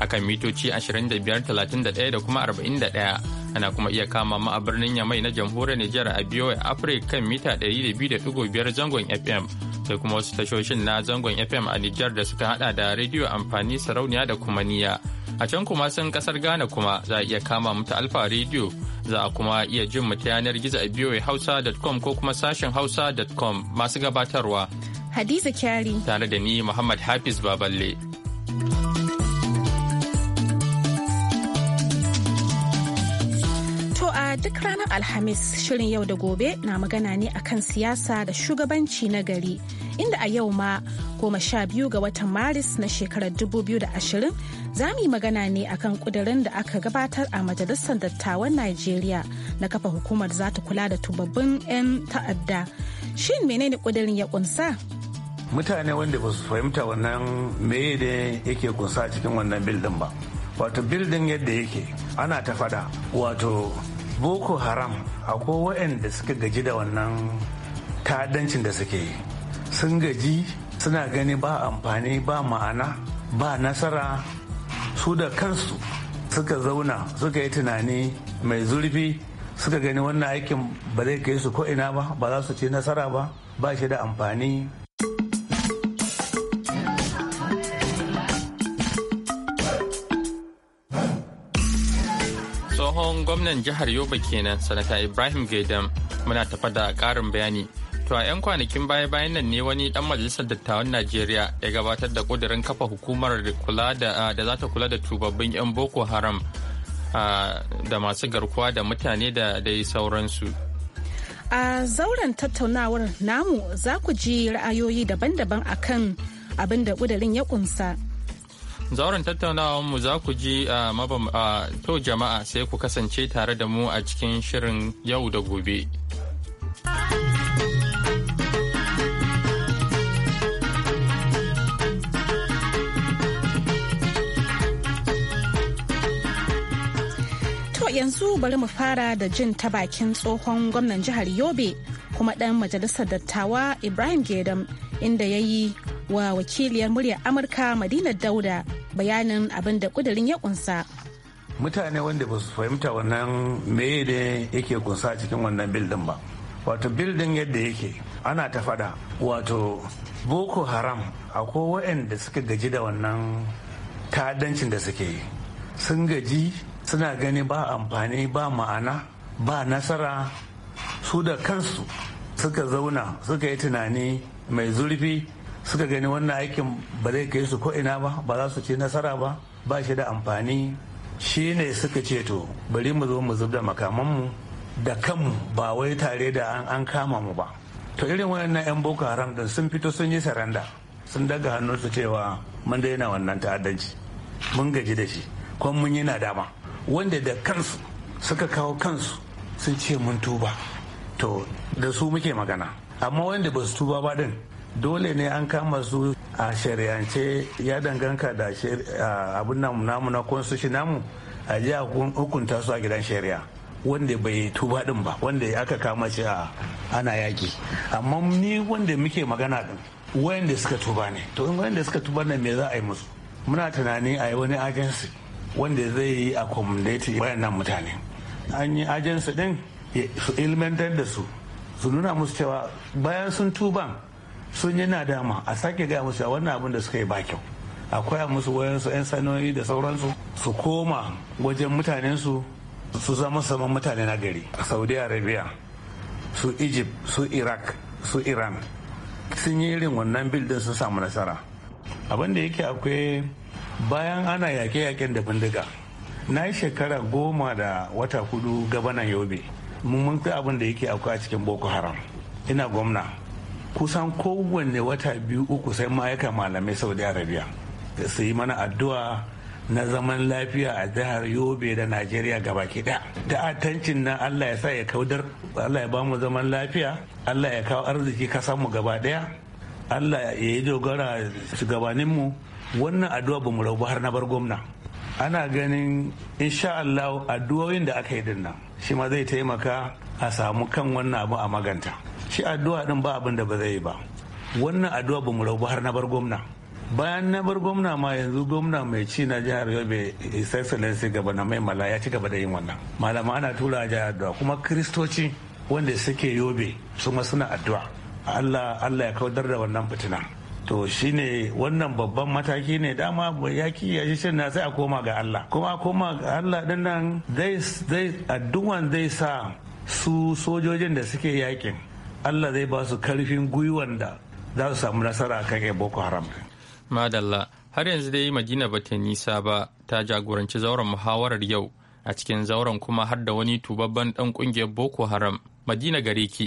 akan mitoci 2531 da kuma 41 ana kuma iya kama ma a birnin yamai na jamhuriyar Nijar a a afirka kan mita 200.5 zangon FM sai kuma wasu tashoshin na zangon FM a Nijar da suka hada da rediyo amfani sarauniya da kuma niya. A can kuma sun kasar Ghana kuma za a iya kama mu ta Alfa Radio za a kuma iya jin mu ta yanar gizo a voahausa.com ko kuma sashen hausa.com masu gabatarwa. Hadiza Kyari. Tare da ni Muhammad Hafiz Baballe. duk ranar Alhamis shirin yau da gobe na magana ne akan siyasa da shugabanci na gari inda a yau ma goma sha biyu ga watan Maris na shekarar 2020 za mu yi magana ne akan kudirin da aka gabatar a Majalisar Dattawan Najeriya na kafa hukumar za ta kula da tubabbin 'yan ta'adda. Shin menene kudirin ya kunsa? Mutane wanda ba su fahimta wannan meye ne yake kunsa cikin wannan bildin ba. wato bildin yadda yake ana ta fada wato boko haram akwai waɗanda suka gaji da wannan ta'addancin da suke yi sun gaji suna gani ba amfani ba ma'ana ba nasara su da kansu suka zauna suka yi tunani mai zurfi suka gani wannan aikin ba zai kai su ko'ina ba ba za su ci nasara ba ba shi da amfani tsohon gwamnan jihar Yoba kenan sanata Ibrahim Gaidam muna tafa da karin bayani. To a 'yan kwanakin baya-bayan nan ne wani dan majalisar dattawan Najeriya ya gabatar da kudirin kafa hukumar da za ta kula da tubabbin 'yan Boko Haram da masu garkuwa da mutane da dai sauransu. A zauren tattaunawar namu za ku ji ra'ayoyi daban-daban akan abin da kudirin ya ƙunsa. zauren mu za ku ji a to jama'a sai ku kasance tare da mu a cikin shirin yau da gobe. yanzu bari mu fara da jin ta bakin tsohon gwamnan jihar yobe kuma ɗan majalisar dattawa ibrahim gedam inda ya yi wa wakiliyar muryar amurka madina dauda bayanin abin da kudirin ya kunsa mutane wanda ba su fahimta wannan meye ne yake kunsa cikin wannan bildin ba wato bildin yadda yake ana ta fada wato boko haram akwai waɗanda suka gaji da wannan ta'addancin da suke yi sun gaji suna gani ba amfani ba ma'ana ba nasara su da kansu suka zauna suka yi tunani mai zurfi suka gani wannan aikin ba zai kai su ko'ina ba ba za su ci nasara ba ba shi da amfani shi ne suka ce to bari mu zo mu zub da makamanmu da kanmu ba wai tare da an kama mu ba to irin wayannan 'yan boko haram din sun fito sun yi saranda sun daga hannun su cewa mun daina wannan ta'addanci mun gaji da shi ko mun yi nadama wanda da kansu suka kawo kansu sun ce mun tuba to da su muke magana amma wanda ba su tuba ba din dole ne an kama su a shari'ance ya danganka da abin namu na konsushi namu a ji a hukunta su a gidan shari'a wanda bai tuba din ba wanda aka kama shi a ana yaki amma ni wanda muke magana din wayanda suka tuba ne to in wayanda suka tuba ne me za a yi musu muna tunanin a yi wani agency wanda zai yi a bayan wayannan mutane an yi agency din su ilmantar da su su nuna musu cewa bayan sun tuban sun yi nadama a sake gaya musu a wannan abin da suka yi ba kyau a koya musu wayansu 'yan sanoyi da sauransu su koma wajen mutanensu su zama saman mutane na gari a saudi arabia su egypt su iraq su iran sun yi irin wannan bildin sun samu nasara abin da yake akwai bayan ana yake yaƙen da bindiga na yi shekara goma da wata hudu gabanan yobe mun abin da yake akwai a cikin boko haram ina gwamna kusan kowanne wata biyu uku sai ma yaka malamai saudi arabia su yi mana addu'a na zaman lafiya a jihar yobe da najeriya gabaki da ta'atancin nan allah ya sa ya kaudar allah ya bamu zaman lafiya allah ya kawo arziki kasanmu gaba daya allah ya yi dogara shugabaninmu wannan addu'a ba mu rabu har na bar gwamna ana ganin insha allah addu'o'in da aka yi dinnan shi ma zai taimaka a samu kan wannan abu a maganta shi addu'a din ba abin da ba zai yi ba wannan addu'a ba mu rabu har na bar gwamna bayan na bar gwamna ma yanzu gwamna mai ci na jihar yobe his excellency na mai mala ya ci gaba da yin wannan malama ana tura jihar addu'a kuma kristoci wanda suke yobe su ma suna addu'a allah allah ya kaudar da wannan fitina to shine wannan babban mataki ne dama yaki ya shi na sai a koma ga allah kuma a koma ga allah din nan addu'an zai sa su sojojin da suke yakin allah zai ba su karfin gwiwan da za su samu nasara kan yan boko haram madalla har yanzu dai madina ba ta nisa ba ta jagoranci zauren muhawarar yau a cikin zauren kuma har da wani tubabban dan kungiyar boko haram madina gare ki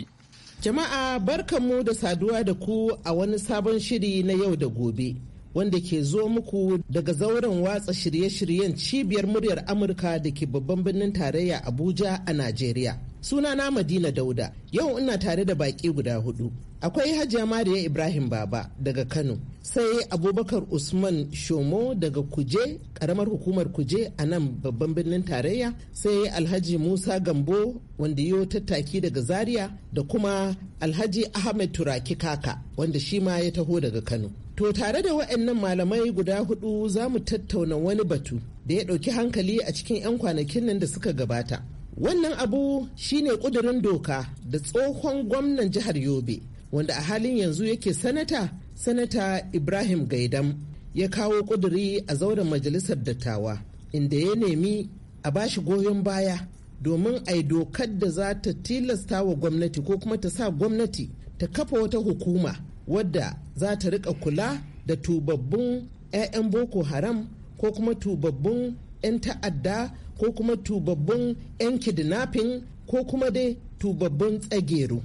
jama'a barkanmu da saduwa da ku a wani sabon shiri na yau da gobe wanda ke zo muku daga zauren watsa shirye-shiryen cibiyar muryar amurka da ke babban birnin tarayya abuja a najeriya Suna na Madina Dauda, yau ina tare da baƙi guda hudu. Akwai Hajiya Mariya Ibrahim Baba daga Kano, sai Abubakar Usman Shomo daga Kuje, karamar hukumar Kuje a nan babban birnin tarayya, sai Alhaji Musa Gambo wanda yi tattaki daga Zaria da kuma Alhaji Ahmed Turaki Kaka wanda shi ma ya taho daga Kano. To tare da waɗannan malamai guda hudu za mu tattauna wani batu da ya ɗauki hankali a cikin 'yan kwanakin nan da suka gabata. wannan abu shine kudurin doka da tsohon gwamnan jihar yobe wanda a halin yanzu yake sanata sanata ibrahim gaidam ya kawo kuduri a zauren majalisar dattawa inda ya nemi a bashi goyon baya domin a yi dokar da za ta tilasta wa gwamnati ko kuma ta sa gwamnati ta kafa wata hukuma wadda za ta rika kula da tubabbun 'ya'yan boko haram ko kuma tubabbun 'yan ta'adda ko kuma tubabbun 'yan kidnapping ko kuma dai tubabbun tsageru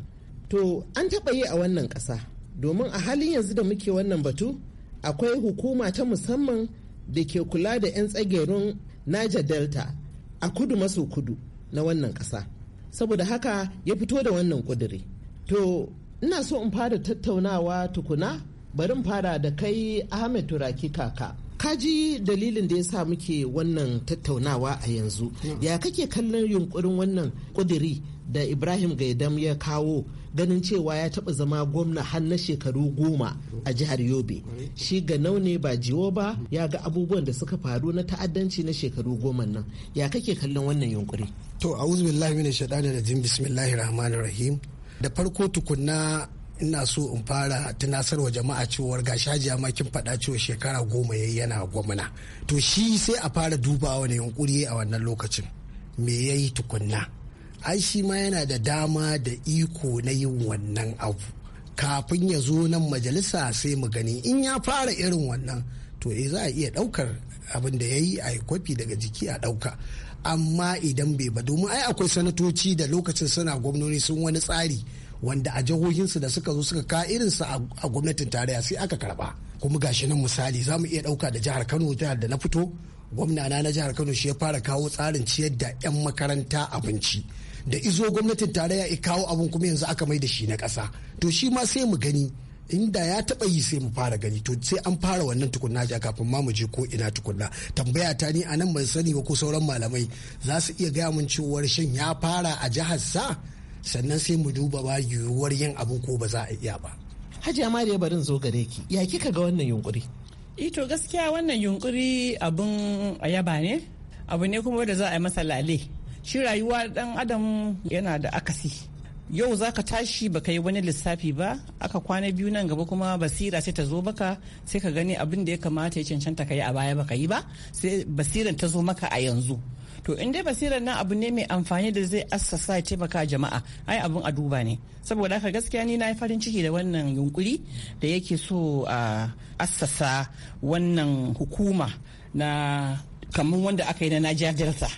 to an taɓa yi a wannan ƙasa domin a halin yanzu da muke wannan batu akwai hukuma ta musamman da ke kula da 'yan tsagerun niger delta a kudu maso kudu na wannan ƙasa saboda haka ya fito da wannan ƙuduri to ina so in fara tattaunawa tukuna bari in fara da kai ahmed turaki kaka kaji dalilin da ya sa muke wannan tattaunawa a yanzu ya kake kallon yunkurin wannan kudiri da ibrahim gaidam ya kawo ganin cewa ya taba zama gwamna har na shekaru goma a jihar yobe shi ga ne ba jiwo ba ya ga abubuwan da suka faru na ta'addanci na shekaru goma nan ya kake kallon wannan yunkuri to a billahi lahimin shaɗa da da farko tukunna ina so in fara tunasarwa jama'a cewar ga shaji ma kin faɗa cewa shekara goma yayi yana gwamna to shi sai a fara dubawa ne yunkuri a wannan lokacin me yayi tukunna ai shi ma yana da dama da iko na yin wannan abu kafin ya zo nan majalisa sai mu gani in ya fara irin wannan to eh za a iya ɗaukar abin da ya yi a kwafi daga jiki a ɗauka amma idan bai ba domin ai akwai sanatoci da lokacin suna gwamnoni sun wani tsari wanda a jihohinsu da suka zo suka ka su a gwamnatin tarayya sai aka karba kuma gashi nan misali za mu iya ɗauka da jihar kano jihar da na fito Gwamnana na jihar kano shi ya fara kawo tsarin ciyar da 'yan makaranta abinci da izo gwamnatin tarayya ya kawo abin kuma yanzu aka mai da shi na ƙasa to shi ma sai mu gani inda ya taba yi sai mu fara gani to sai an fara wannan tukunna ja kafin ma mu je ko ina tukunna tambaya ta ni anan ban sani ba ko sauran malamai za su iya gaya mun cewa shin ya fara a jihar sa sannan sai mu duba ba yiwuwar yin abu ko ba za a iya ba hajiya ya barin zo gare ki ya kika ga wannan yunkuri ito eh gaskiya wannan yunkuri abun a yaba ne abu ne kuma da za a yi masa lale shi rayuwa dan adam yana da akasi yau za ka tashi baka yi wani lissafi ba aka kwana biyu nan gaba kuma basira sai ta zo baka sai ka gani abin da ya kamata ya cancanta ka yi a baya baka yi ba sai basiran ta zo maka a yanzu to in dai basirar nan abu ne mai amfani da zai assasa ya taimaka jama'a ai abun a duba ne saboda haka gaskiya ni na yi farin ciki da wannan yunkuri da yake so a assasa wannan hukuma na kamar wanda aka yi na najeriya delta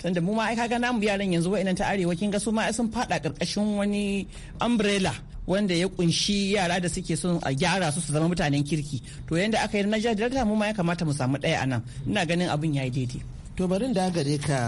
tunda mu ma ai kaga namu yaran yanzu wa'inan ta arewa kin ga su ma sun fada karkashin wani umbrella wanda ya kunshi yara da suke son a gyara su su zama mutanen kirki to yanda aka yi na jajirta mu ma ya kamata mu samu ɗaya a nan ina ganin abin yayi daidai to bari da gare ka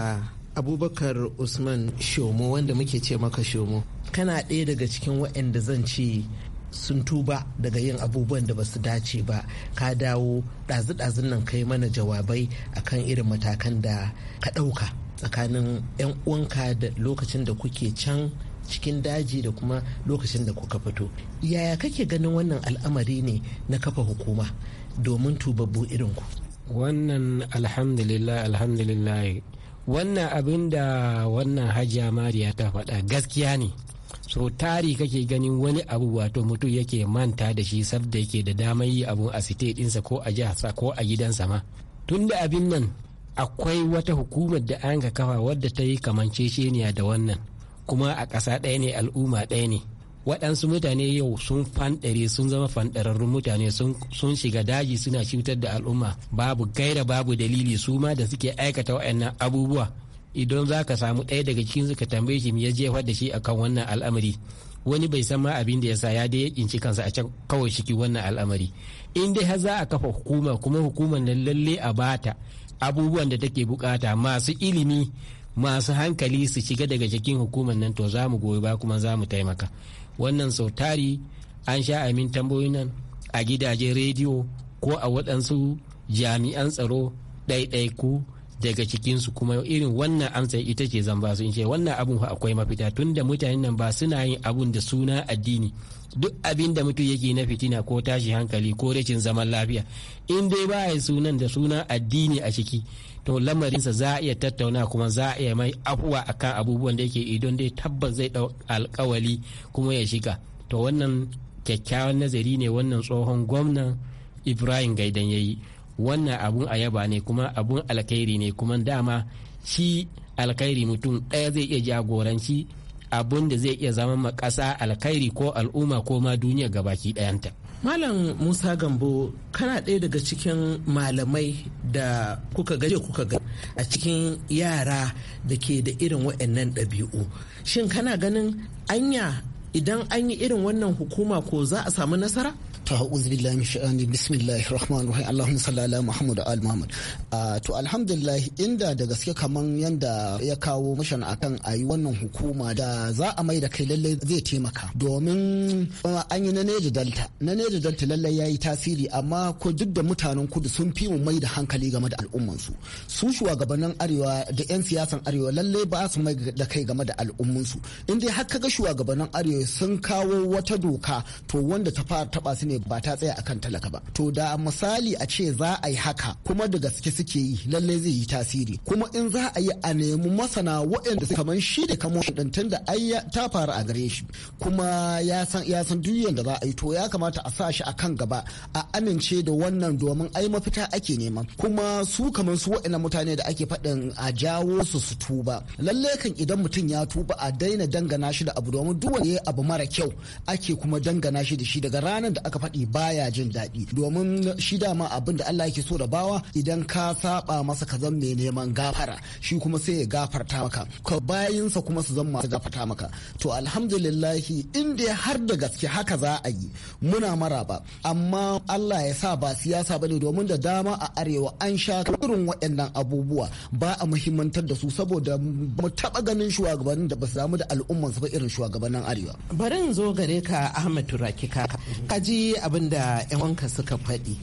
abubakar usman shomo wanda muke ce maka shomo kana ɗaya daga cikin waɗanda zan ce sun tuba daga yin abubuwan da basu dace ba ka dawo ɗazu-ɗazun nan kai mana jawabai akan irin matakan da ka ɗauka tsakanin 'yan uwanka da lokacin da kuke can cikin daji da kuma lokacin da kuka fito yaya kake ganin wannan al'amari ne na kafa hukuma domin tubabbu irinku wannan alhamdulillah alhamdulillah wannan abin da wannan hajiya mariya ta faɗa gaskiya ne so tari kake ganin wani abu wato mutum yake manta da shi sabda yake da damar yi abun a site ɗinsa ko a jiharsa ko a gidansa ma tun da abin nan akwai wata hukumar da an ka kafa wadda ta yi kamanceceniya da wannan kuma a ƙasa ɗaya ne al'umma ɗaya ne waɗansu mutane yau sun fanɗare sun zama fanɗararrun mutane sun shiga daji suna cutar da al'umma babu gaira babu dalili su ma da suke aikata waɗannan abubuwa idan za ka samu ɗaya daga cikin ka tambaye shi ya jefa da shi akan wannan al'amari wani bai san ma abin da ya sa ya dai ya kinci kansa a can kawai shiki wannan al'amari in dai har za a kafa hukuma kuma hukumar nan lalle a bata abubuwan da take bukata masu ilimi masu hankali su shiga daga cikin hukumar nan to za mu goyi ba kuma za mu taimaka wannan sau tari an sha amin tambayoyin nan a gidajen rediyo ko a waɗansu jami'an tsaro ɗaiɗaiku daga cikinsu kuma irin wannan amsa ita ce zan ba su in ce wannan abun fa akwai mafita tunda da mutanen nan ba suna yin abun da suna addini duk abin da mutum yake na fitina ko tashi hankali ko rashin zaman lafiya in dai ba sunan da suna addini a ciki to lamarinsa za a iya tattauna kuma za a iya mai afuwa akan abubuwan da yake idan dai tabbas zai dau alkawali kuma ya shiga to wannan kyakkyawan nazari ne wannan tsohon gwamnan ibrahim gaidan ya yi wannan abun a yaba ne kuma abun alkhairi ne kuma dama shi alkhairi mutum ɗaya zai iya jagoranci abun da zai iya zama ma ƙasa alkhairi ko al'umma ko ma duniya gabaki ɗayanta Malam Musa Gambo kana ɗaya daga cikin malamai da kuka gaje kuka ga a cikin yara da ke da irin waɗannan ɗabi'u. Shin kana ganin anya idan an yi irin wannan hukuma ko za a samu nasara? to ha'uzu billahi min shaytanir bismillahir rahmanir rahim allahumma salli ala muhammad wa ali muhammad to alhamdulillah inda da gaske kaman yanda ya kawo mishan akan ayi wannan hukuma da za a mai da kai lalle zai taimaka domin uh, an yi na neji delta na neji delta lalle yayi tasiri amma ko duk da mutanen kudu sun fi mu mai da hankali game da al'umman su shugabannin arewa da 'yan siyasan arewa lalle ba su mai da kai game da al'ummansu in dai har kaga shugabannin arewa sun kawo wata doka to wanda ta fara taba su ne ba ta tsaya akan talaka ba to da misali a ce za a yi haka kuma da gaske suke yi lallai zai yi tasiri kuma in za a yi a nemi masana waɗanda su kamar shi da kamar shi dantan da ai ta faru a gare shi kuma ya san ya san duk yanda za a yi to ya kamata a sa shi a kan gaba a amince da wannan domin ai mafita ake nema kuma su kamar su waɗannan mutane da ake faɗin a jawo su su tuba lallai kan idan mutum ya tuba a daina dangana shi da abu domin duk wani abu mara kyau ake kuma dangana shi da shi daga ranar da aka faɗi faɗi baya jin daɗi domin shi dama abin da Allah yake so da bawa idan ka saba masa ka zan mai neman gafara shi kuma sai ya gafarta maka ka bayinsa kuma su zan masu gafarta maka to alhamdulillahi in dai har da gaske haka za a yi muna maraba amma Allah ya sa ba siyasa bane domin da dama a arewa an sha irin waɗannan abubuwa ba a muhimmantar da su saboda mu taɓa ganin shugabannin da ba su damu da al'ummansu ba irin shugabannin arewa. Bari in zo gare ka Ahmad Turaki ka ji abin da 'yan wanka suka faɗi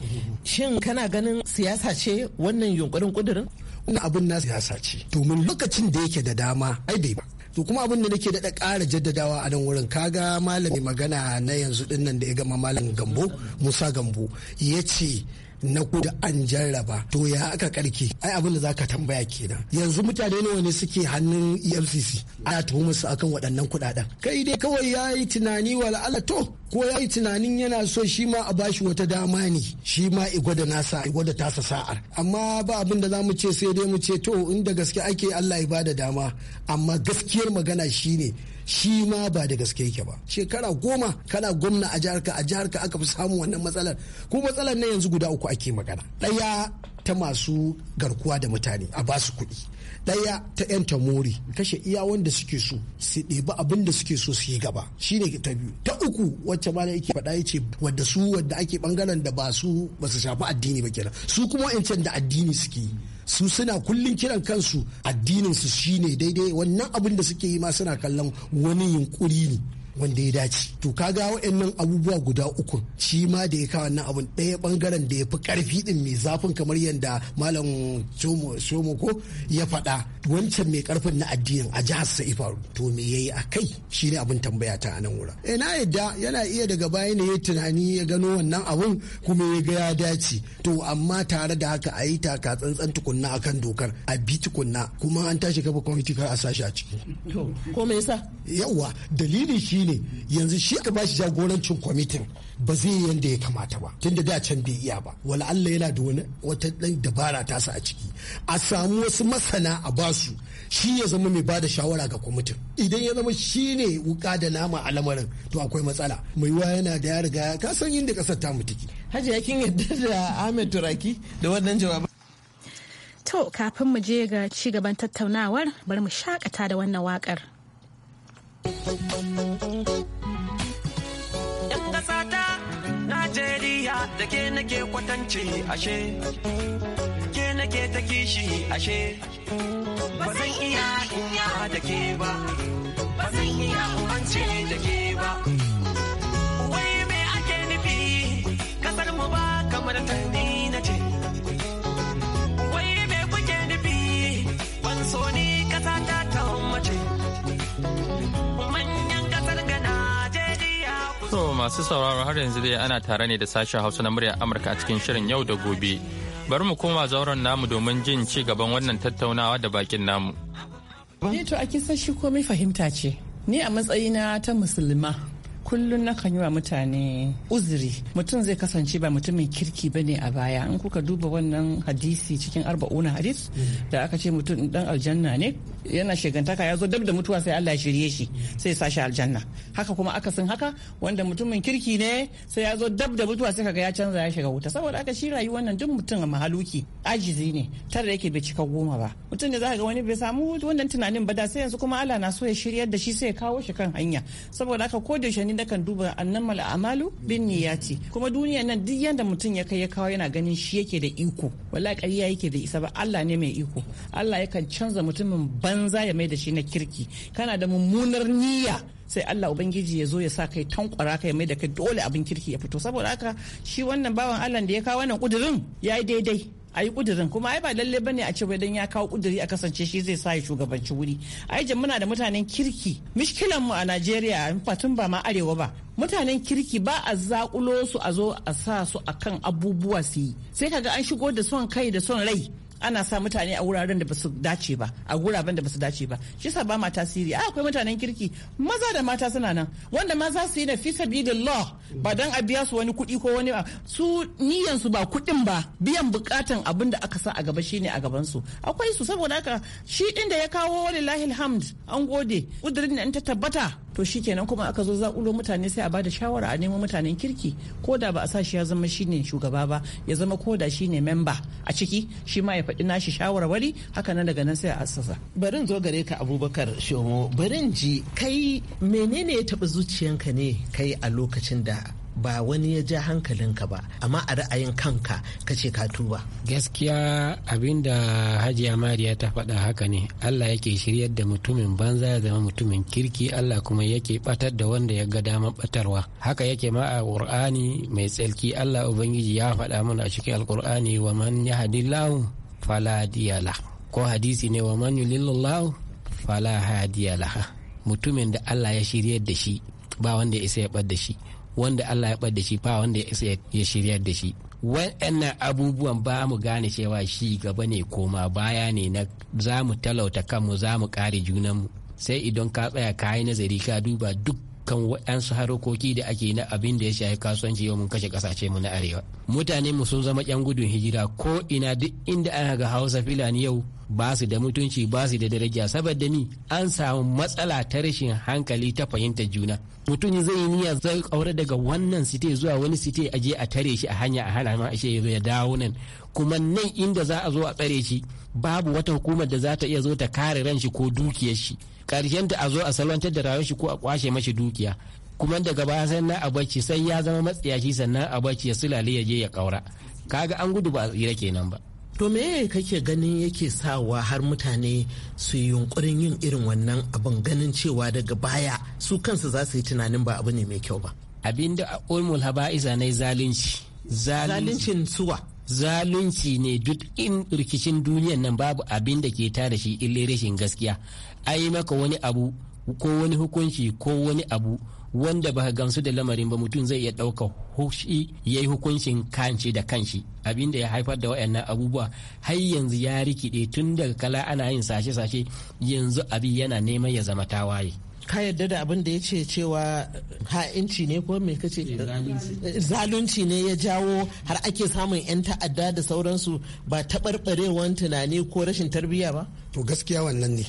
shin kana ganin siyasa ce wannan yunkurin kudurin wannan abin na siyasa ce domin lokacin da yake da dama ai bai ba to kuma abin da nake daɗa ƙara jaddadawa a nan wurin kaga malami magana na yanzu dinnan da ya gama malam gambo musa gambo ya ce na kudu an jarraba to ya aka karke ai abin da zaka tambaya kenan yanzu mutane nawa ne suke hannun EFCC ana tuhumar su akan waɗannan kuɗaɗen kai dai kawai yayi tunani wal ala to ko yayi tunanin yana so shi ma a bashi wata dama ne shi ma i gwada nasa i gwada tasa sa'ar amma ba abin da zamu ce sai dai mu ce to inda gaske ake Allah ya bada dama amma gaskiyar magana shine shi ma ba da gaske yake ba shekara goma kana gwamna a jiharka a jiharka aka fi samu wannan matsalar ko matsalar na yanzu guda uku ake magana ɗaya ta masu garkuwa da mutane a ba su kuɗi ɗaya ta 'yan tamori kashe iya wanda suke so su ɗebi abin da suke so su yi gaba shine ta biyu ta uku wacce ma yake faɗa ya ce wadda su wadda ake bangaren da ba su ba su shafi addini ba kenan su kuma wa'ancan da addini suke yi su suna kullum kiran kansu addininsu shi shine daidai wannan abin da suke yi ma suna kallon wani yunkuri ne wanda ya dace to kaga waɗannan abubuwa guda uku shi ma da ya kawo wannan abun ɗaya bangaren da ya fi karfi din mai zafin kamar yadda malam somo ko ya faɗa wancan mai karfin na addinin a jihar sa ifaru to me ya yi a kai shi ne abin tambaya ta a nan wura. Eh, na yadda yana iya daga baya ne ya tunani ya gano wannan abun kuma ya ga ya dace to amma tare da haka a yi taka tsantsan tukunna akan dokar a bi tukunna kuma an tashi kafa kwamiti kar a sashi a ciki ko me yasa dalili shine ne yanzu shi ka bashi jagorancin kwamitin ba zai yi yanda ya kamata ba tun da can bai iya ba wala Allah yana da wani wata dan dabara ta sa a ciki a samu wasu masana a basu shi ya zama mai bada shawara ga kwamitin idan ya zama shi ne wuka da nama a lamarin to akwai matsala mai wa yana da ya riga ka san inda kasar ta mutuki haji yakin yadda da Ahmed Turaki da wannan jawabi To kafin mu je ga ci gaban tattaunawar bari mu shakata da wannan wakar. Yan ƙasa ta Najeriya da ke nake kwatance ashe, ke nake ta kishi ashe, ba zan iya inya da ke ba, ba zan iya umance da ke ba. Wai me ake nufi, kasar mu ba kamar tandi. To masu sauraro har yanzu dai ana tare ne da sashen Hausa na muryar Amurka a cikin shirin yau da gobe. Bari mu koma zauren namu domin jin ci gaban wannan tattaunawa da bakin namu. Ne eh to a san shi komai fahimta ce. Ni a matsayina ta musulma kullum na kan yi wa mutane uzuri mutum zai kasance ba mutumin kirki ba ne a baya in kuka duba wannan hadisi cikin arba'una hadis mm. da aka ce mutum dan aljanna ne yana shigantaka ya zo dab da mutuwa sai Allah ya shirye shi sai ya sashi aljanna haka kuma aka sun haka wanda mutumin kirki ne sai ya zo dab da mutuwa sai kaga ya canza ya shiga wuta saboda aka shi rayuwar nan duk mutum mahaluki ajizi ne tare yake bai cika goma ba mutum ne zaka ga wani bai samu wannan tunanin ba da sai yanzu kuma Allah na so ya shiryar da shi sai ya kawo shi kan hanya saboda aka ko da shani ni kan duba mal a'malu bin niyati kuma duniya nan duk yanda mutum ya kai ya kawo yana ganin shi yake da iko wallahi ƙarya yake da isa ba Allah ne mai iko Allah yakan canza mutumin ba banza ya mai da shi na kirki kana da mummunar niyya sai Allah ubangiji ya zo ya sa kai tankwara kai mai da kai dole abin kirki ya fito saboda haka shi wannan bawan Allah da ya kawo wannan kudirin ya yi daidai a yi kudirin kuma ai ba lalle bane a ce wai dan ya kawo kudiri a kasance shi zai sa ya shugabanci wuri ai muna da mutanen kirki mishkilan mu a Najeriya in fatun ba ma arewa ba mutanen kirki ba a zakulo su a zo a sa su akan abubuwa su yi sai kaga an shigo da son kai da son rai ana sa mutane a wuraren da basu dace ba a guraben da basu dace ba shi sa ba ma tasiri a akwai mutanen kirki maza da mata suna nan wanda ma za su yi na fi law ba dan a biya su wani kuɗi ko wani ba su niyan ba kuɗin ba biyan bukatan abin da aka sa a gaba shine a gaban su akwai su saboda haka shi din da ya kawo lillahi alhamd an gode kudirin da ta tabbata to shi kenan kuma aka zo za'ulo mutane sai a bada shawara a nemo mutanen kirki ko da ba a sa shi ya zama shine shugaba ba ya zama ko da shine memba a ciki shi ma ya faɗi nashi shawarwari haka nan daga nan sai a assasa barin zo gare ka abubakar shomo barin ji kai menene ya taɓa zuciyanka ne kai a lokacin da ba wani ya ja hankalinka ba amma a ra'ayin kanka ka ce ka tuba gaskiya abinda hajiya mariya ta faɗa haka ne allah yake shiryar da mutumin banza ya zama mutumin kirki allah kuma yake batar da wanda ya ga damar batarwa haka yake ma a qur'ani mai tsarki allah ubangiji ya faɗa mana a cikin alqur'ani wa man yahdillahu fala diyala ko hadisi ne wa man yulillahu fala hadiya mutumin da Allah ya shirya da shi ba wanda ya isa ya bar da shi wanda Allah ya bar da shi ba wanda ya isa ya shirya da shi waɗannan abubuwan ba mu gane cewa shi gaba ne koma baya ne na za mu talauta kanmu za mu kare junanmu sai idan ka tsaya ka yi nazari ka duba duk kan waɗansu harkoki da ake na abin da ya shafi kasuwanci yau mun kashe ƙasashe mu na arewa mutane mu sun zama yan gudun hijira ko ina duk inda aka ga hausa filani yau ba su da mutunci ba su da daraja saboda ni an samu matsala ta rashin hankali ta fahimtar juna mutum zai niyya zai kaura daga wannan site zuwa wani site a je a tare shi a hanya a hana ma ashe ya dawo nan kuma nan inda za a zo a tsare shi babu wata hukumar da za ta iya zo ta kare ran shi ko dukiyar shi karshen ta a zo a salwantar da rayuwar shi ko a kwashe mashi dukiya kuma daga baya na a bacci sai ya zama matsayashi sannan a bacci ya sulale ya je ya kaura kaga an gudu ba a tsira kenan ba to me kake ganin yake sawa har mutane su yi yunkurin yin irin wannan abin ganin cewa daga baya su kansu za su yi tunanin ba abu ne mai kyau ba abin da ulmul haba'iza na zalunci zaluncin suwa zalunci ne duk in rikicin duniyan nan babu abin da ke tare shi ille rashin gaskiya ai maka wani abu ko wani hukunci ko wani abu wanda ba gamsu da lamarin ba mutum zai iya ɗauka hushi ya yi hukuncin kanci da kanshi abin da ya haifar da wayannan abubuwa har yanzu ya rikide tun daga kala ana yin sashe-sashe yanzu abin yana neman ya zama tawaye. ka yarda da abin da ya ce cewa ha'inci ne ko me kace eh, eh, zalunci ne ya jawo har ake samun 'yan ta'adda da sauransu ba taɓarɓarewan tunani ko rashin tarbiyya ba to gaskiya wannan ne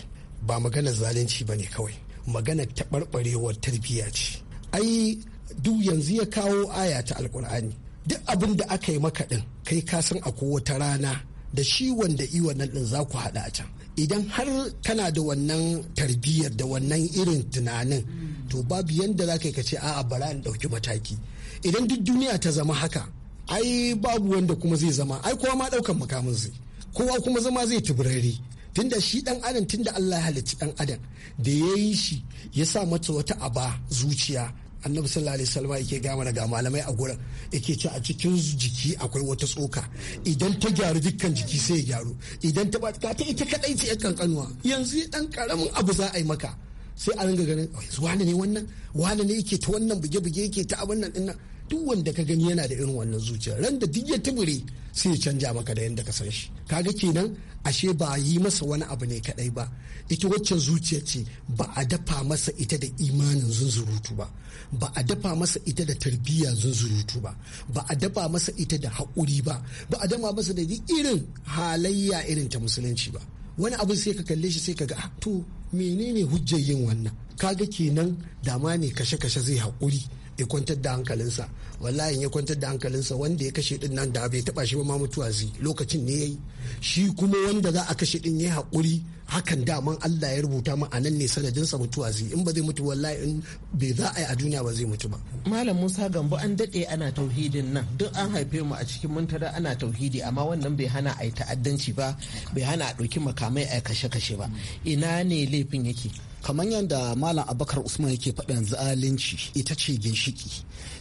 ba maganar zalunci ba ne kawai magana taɓarɓarewar tarbiyya ce ai duk yanzu ya kawo aya ta alkur'ani duk abin da aka yi maka ɗin kai ka san a wata rana da shi wanda i wannan ɗin za ku haɗa a can idan har kana da wannan tarbiyyar da wannan irin tunanin to babu yanda za ka yi ka ce a'a bara in ɗauki mataki idan duk duniya ta zama haka ai babu wanda kuma zai zama ai kowa ma ɗaukan makamin zai kowa kuma zama zai tuburari tunda shi dan adam tunda Allah ya halicci dan adam da ya yi shi ya sa mata wata aba zuciya annabi sallallahu alaihi wasallam yake ga mana ga malamai a gurin yake ce a cikin jiki akwai wata tsoka idan ta gyaru dukkan jiki sai ya gyaru idan ta ba ta ita kadai ce yakan kanuwa. yanzu dan karamin abu za a yi maka sai a ringa ganin oh, yanzu ne wannan wani ne yake ta wannan buge-buge yake ta abin nan dinnan duk wanda ka gani yana da irin wannan zuciya ran da duk ya tubure sai ya canja maka da yadda ka san shi kaga kenan ashe ba yi masa wani abu ne kadai ba ita waccan zuciya ce ba a dafa masa ita da imanin zunzurutu ba ba a dafa masa ita da tarbiyya zunzurutu ba ba a dafa masa ita da haƙuri ba ba a dafa masa da irin halayya irin ta musulunci ba wani abu sai ka kalle shi sai ka ga ah, to menene hujjar yin wannan kaga kenan dama ne kashe-kashe zai haƙuri ya kwantar da hankalinsa wallahi ya kwantar da hankalinsa wanda ya kashe din nan da bai taba shi ba ma mutuwa zai lokacin ne yayi shi kuma wanda za a kashe din yayi hakuri hakan daman Allah ya rubuta mu anan ne sanadin sa mutuwa zai in ba zai mutu wallahi in bai za a yi a duniya ba zai mutu ba malam Musa Gambo an dade ana tauhidin nan duk an haife mu a cikin muntada ana tauhidi amma wannan bai hana a yi ta'addanci ba bai hana a ɗauki makamai a kashe-kashe ba ina ne laifin yake kamar yadda malam abakar usman yake faɗin zalunci ita ce ginshiki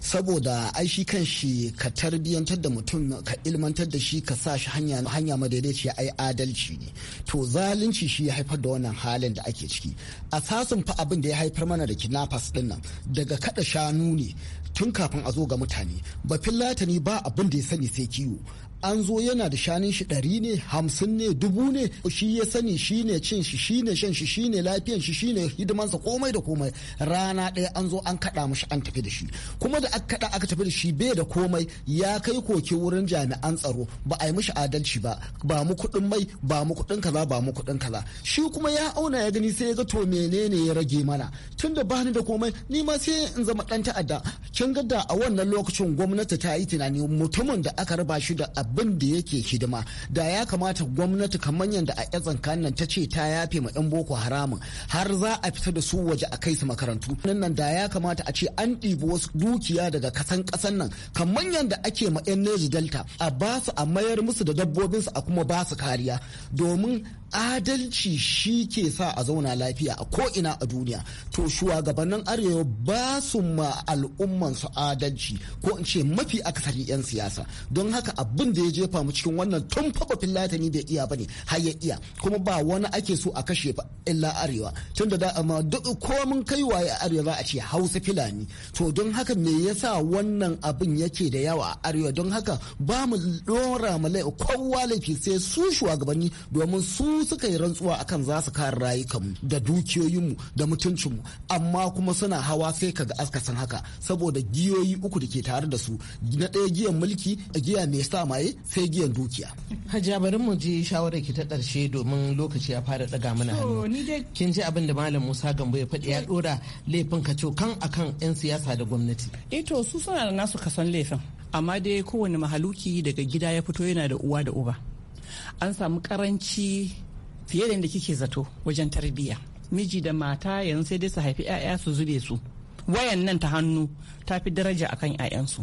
saboda ai shi kan shi ka tarbiyantar da mutum ka ilmantar da shi ka sa shi hanya hanya ya ai adalci ne to zalunci shi ya haifar da wannan halin da ake ciki asasin fa abin da ya haifar mana da kinafas din nan daga kada shanu ne tun kafin a zo ga mutane ba fillatani ba abin da ya sani sai kiwo an zo yana da shanin shi ɗari ne hamsin ne dubu ne shi ya sani shi ne cin shi shi ne shan shi shi ne lafiyan shi shi ne hidimansa komai da komai rana ɗaya an zo an kaɗa mashi an tafi da shi kuma da aka kaɗa aka tafi da shi bai da komai ya kai koke wurin jami'an tsaro ba a yi mashi adalci ba ba mu kuɗin mai ba mu kuɗin kaza ba mu kuɗin kaza shi kuma ya auna ya gani sai ya ga to menene ya rage mana tun da bani da komai ni ma sai in zama ɗan ta'adda kin ga da a wannan lokacin gwamnati ta yi tunani mutumin da aka raba shi da abin da yake hidima da ya kamata gwamnati kamar yadda a yan ta ce ta yafe ma yan boko haramun har za a fita da su waje a kai su makarantu nan da ya kamata a ce an ɗibi wasu dukiya daga kasan kasan nan kamar yadda ake ma yan neji delta a ba su a mayar musu da dabbobinsu a kuma ba su kariya domin adalci shi ke sa a zauna lafiya a ko'ina a duniya to shugabannin arewa ba su ma al'ummansu adalci ko in ce mafi akasari 'yan siyasa don haka abin da ya jefa mu cikin wannan tun faba filatani bai iya bane har ya iya kuma ba wani ake so a kashe ba illa arewa tunda da amma duk ko mun kai waye arewa za a ce hausa filani to don haka me yasa wannan abin yake da yawa a arewa don haka ba mu dora mu kowa laifi sai su shugabanni domin su su suka yi rantsuwa akan za su kare rayukanmu da dukiyoyinmu da mutuncinmu amma kuma suna hawa sai kaga aska san haka saboda giyoyi uku da ke tare da su na ɗaya giyan mulki a giya mai sa maye sai giyan dukiya. Hajiya bari mu je shawarar ki ta ƙarshe domin lokaci ya fara ɗaga mana hannu. Kin ji abin da Malam Musa Gambo ya faɗi ya ɗora laifin kan akan 'yan siyasa da gwamnati. Eh su suna da nasu kasan laifin amma dai kowane mahaluki daga gida ya fito yana da uwa da uba. An samu karanci fiye da yadda kike zato wajen tarbiyya miji da mata yanzu sai dai su haifi 'ya'ya su zube su wayan nan ta hannu ta fi daraja akan 'ya'yansu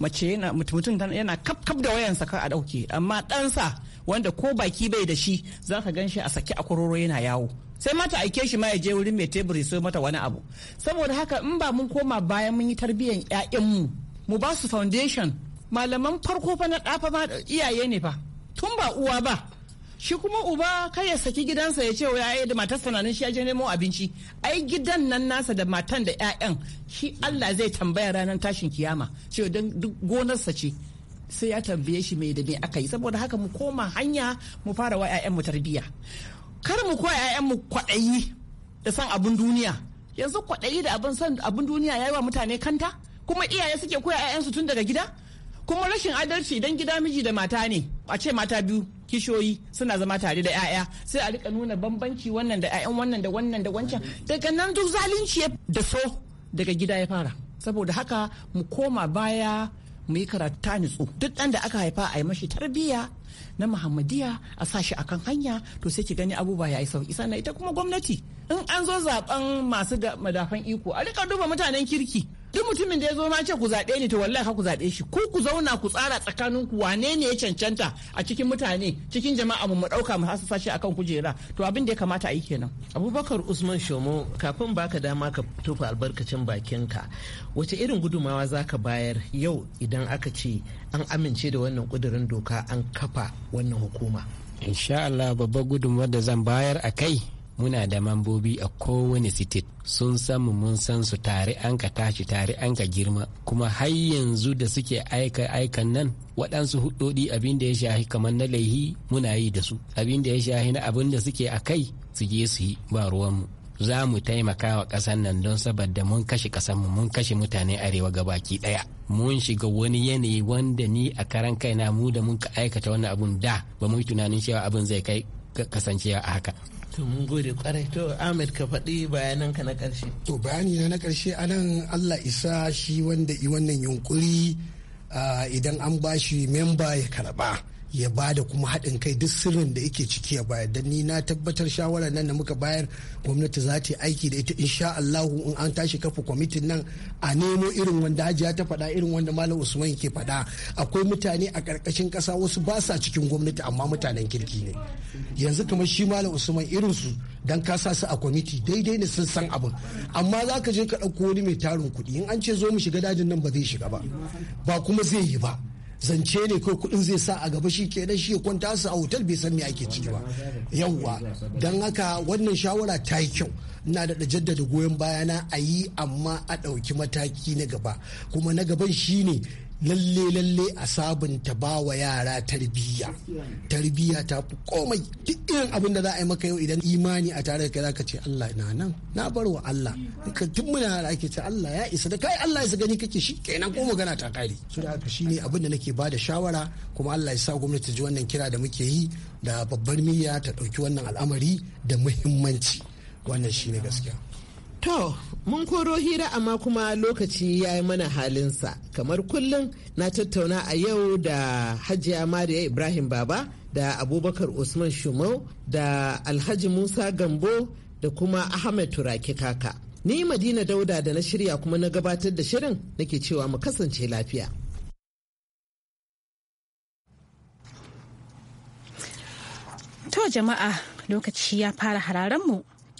mace yana mutum yana kap kap da wayansa kar a dauke amma sa wanda ko baki bai da shi za ka gan shi a sake a yana yawo sai mata aike shi ma ya je wurin mai teburi sai mata wani abu saboda haka in ba mun koma bayan mun yi tarbiyan 'ya'yanmu mu ba su foundation malaman farko fa na ɗafa ma iyaye ne fa tun ba uwa ba shi kuma uba kai ya saki gidansa ya ce wa da matar na shi ya je nemo abinci ai gidan nan nasa da matan da 'ya'yan shi Allah zai tambaya ranar tashin kiyama ce don duk gonarsa ce sai ya tambaye shi mai da me aka yi saboda haka mu koma hanya mu fara wa 'ya'yan mu tarbiya kar mu koya 'ya'yan mu kwaɗayi da san abun duniya yanzu kwaɗayi da abin san abun duniya yayi wa mutane kanta kuma iyaye suke koya 'ya'yansu tun daga gida kuma rashin adalci idan gida miji da mata ne a ce mata biyu kishoyi suna zama tare da 'ya'ya sai a rika nuna bambanci wannan da 'ya'yan wannan da wannan da wancan daga nan duk zalunci ya da so daga gida ya fara saboda haka mu koma baya mu yi karatu ta nutsu duk ɗan da aka haifa a yi mashi tarbiyya na muhammadiya a sa shi akan hanya to sai ki gani abubuwa ya yi sauki sannan ita kuma gwamnati in an zo zaben masu madafan iko a rika duba mutanen kirki duk mutumin da ya zo ma ce ku zaɓe ni to wallahi ku zaɓe shi ku ku zauna ku tsara tsakanin ku wane ne ya cancanta a cikin mutane cikin jama'a mu ɗauka mu hasa sashi akan kujera to abin da ya kamata a yi kenan. Abubakar Usman Shomo kafin baka dama ka tufa albarkacin bakinka wace irin gudumawa za ka bayar yau idan aka ce an amince da wannan kudurin doka an kafa wannan hukuma. Insha Allah babbar gudunmawar da zan bayar a kai muna da mambobi a kowane state sun samu mun san su tare an ka tashi tare an ka girma kuma har yanzu da suke aika aikan nan waɗansu hudodi abin da ya shahi kamar na laihi muna yi da su abin da ya shahi na abin da suke a kai su je su yi ba ruwanmu za mu taimaka wa ƙasar nan don saboda mun kashe ƙasarmu mun kashe mutane arewa ga baki ɗaya mun shiga wani yanayi wanda ni a karan kaina mu da mun ka aikata wani abun da ba mu yi tunanin cewa abin zai kai kasancewa a haka to mun gode kwarai to ahmed ka faɗi bayanan ka na ƙarshe to bayani na na ƙarshe anan allah isa shi wanda i wannan yunkuri ah, idan an bashi memba ya karɓa ya ba da kuma haɗin kai duk sirrin da yake ciki ya bayar da ni na tabbatar shawarar nan da muka bayar gwamnati za ta yi aiki da ita insha Allahu in an tashi kafa kwamitin nan a nemo irin wanda hajiya ta faɗa irin wanda malam Usman ke faɗa akwai mutane a ƙarƙashin ƙasa wasu ba sa cikin gwamnati amma mutanen kirki ne yanzu kamar shi malam Usman irin su dan ka sa su a kwamiti daidai ne sun san abin amma za ka je ka ɗauko wani mai tarin kuɗi in an ce zo mu shiga dajin nan ba zai shiga ba ba kuma zai yi ba zance ne ko kudin zai sa a gaba shi kenan shi ya kwanta su a hotel bai san me ake ciki ba yawwa don haka wannan shawara ta yi kyau ina da jaddada goyon bayana a yi amma a ɗauki mataki na gaba kuma na gaban shine lalle lalle a sabunta ba wa yara tarbiyya tarbiyya ta fi komai duk irin abin da za a yi maka yau idan imani a tare da ka ce Allah na nan na bar wa Allah ka tun muna da ake ce Allah ya isa da kai Allah ya isa gani kake shi kenan ko magana ta kare su da haka shine abin da nake bada shawara kuma Allah ya sa gwamnati ji wannan kira da muke yi da babbar miya ta dauki wannan al'amari da muhimmanci wannan shine gaskiya To, mun koro hira amma kuma lokaci ya yi mana halinsa. Kamar kullum na tattauna a yau da Hajiya Mariya Ibrahim Baba da Abubakar Usman Shumau da Alhaji Musa Gambo da kuma Ahmed Turaki Kaka. Ni Madina Dauda da na shirya kuma na gabatar da shirin nake cewa mu kasance lafiya. To jama'a lokaci ya fara mu.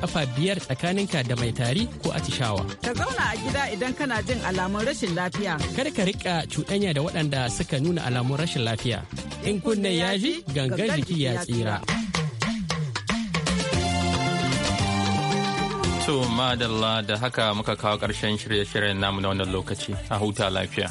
kafa biyar tsakaninka da mai tari ko atishawa. Ka zauna a gida idan kana jin alamun rashin lafiya. Kar ka rika cuɗanya da waɗanda suka nuna alamun rashin lafiya. In kunne ya ji gangan jiki ya tsira. To madalla da haka muka kawo ƙarshen shirye-shiryen namu na wannan lokaci a huta lafiya.